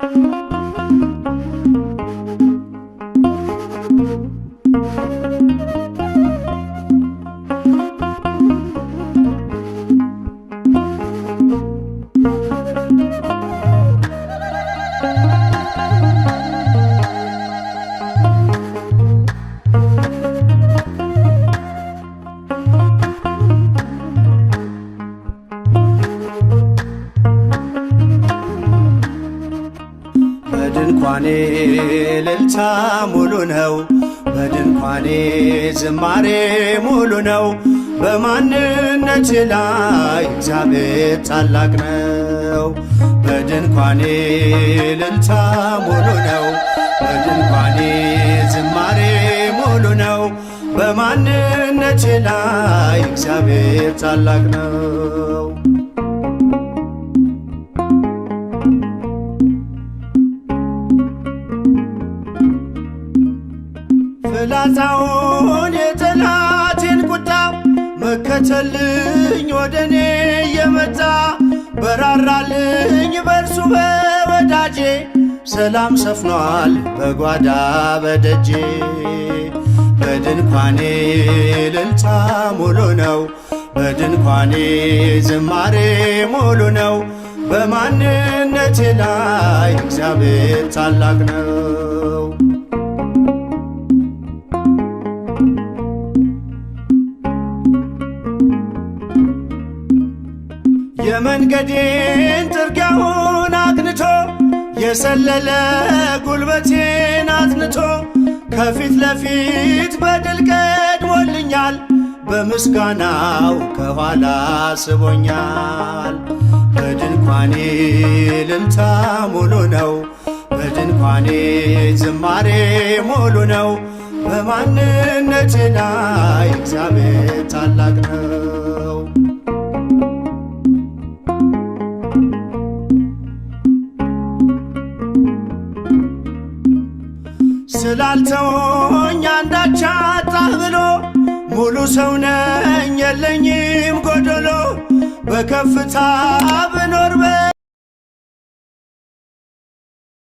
Thank you. ድንኳኔ ልልታ ሙሉ ነው። በድንኳኔ ዝማሬ ሙሉ ነው። በማንነት ላይ እግዚአብሔር ታላቅ ነው። በድንኳኔ ልልታ ሙሉ ነው። በድንኳኔ ዝማሬ ሙሉ ነው። በማንነት ላይ እግዚአብሔር ታላቅ ነው። ፍላጻውን የጠላቴን ቁጣ መከተልኝ ወደ እኔ የመጣ በራራልኝ በእርሱ በወዳጄ ሰላም ሰፍኗል በጓዳ በደጄ በድንኳኔ ልልታ ሙሉ ነው በድንኳኔ ዝማሬ ሙሉ ነው በማንነቴ ላይ እግዚአብሔር ታላቅ ነው። የመንገዴን ጥርጊያውን አቅንቶ የሰለለ ጉልበቴን አትንቶ ከፊት ለፊት በድል ቀድሞልኛል። በምስጋናው ከኋላ ስቦኛል። በድንኳኔ ልልታ ሙሉ ነው። በድንኳኔ ዝማሬ ሙሉ ነው። በማንነቴ ላይ እግዚአብሔር ታላቅ ነው። ስላልተወኝ አንዳች አጣ ብሎ ሙሉ ሰው ነኝ የለኝም ጎደሎ በከፍታ ብኖር